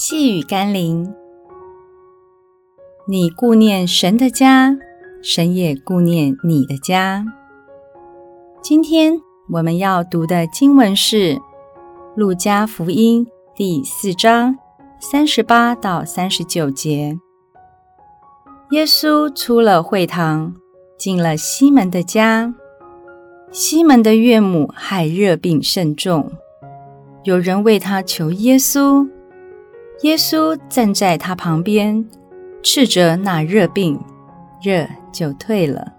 細語甘霖，你顧念神的家，神也顧念你的家。今天我們要讀的經文是《路加福音》第四章三十八到三十九節。耶穌出了會堂，進了西門的家。西門的岳母害熱病甚重，有人為她求耶穌。耶穌站在她旁邊，斥責那熱病，熱就退了。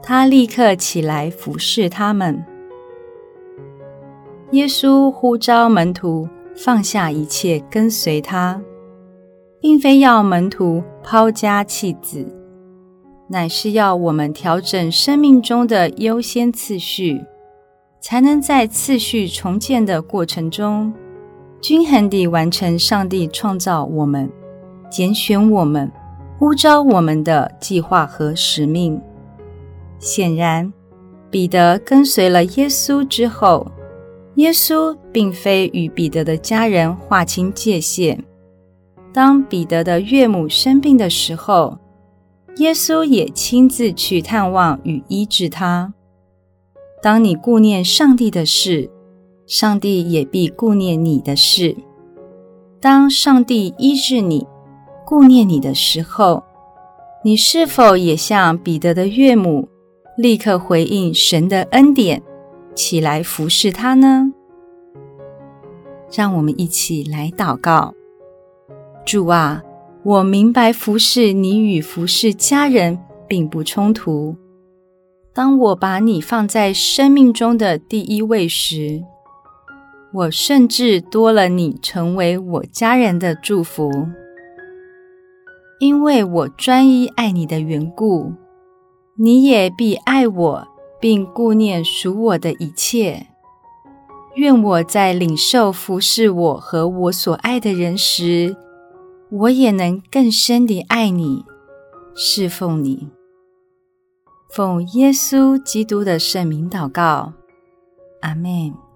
她立刻起來服事他們。耶穌呼召門徒放下一切跟隨他，並非要門徒拋家棄子，乃是要我們調整生命中的優先次序，才能在次序重建的過程中，均衡地完成上帝創造我們、揀選我們、呼召我們的計劃和使命。顯然，彼得跟隨了耶穌之後，耶穌並非與彼得的家人劃清界限。當彼得的岳母生病的時候，耶穌也親自去探望與醫治她。當你顧念上帝的事，上帝也必顧念你的事。當上帝醫治你、顧念你的時候，你是否也像彼得的岳母，立刻回應神的恩典，起來服侍他呢？讓我們一起來禱告：主啊，我明白服侍你與服侍家人並不衝突。當我把你放在生命中的第一位時，我甚至多了你成為我家人的祝福，因為我專一愛你的緣故，你也必愛我，並顧念屬我的一切。願我在領受服侍我和我所愛的人時，我也能更深地愛你，侍奉你。奉耶穌基督的聖名禱告，阿門。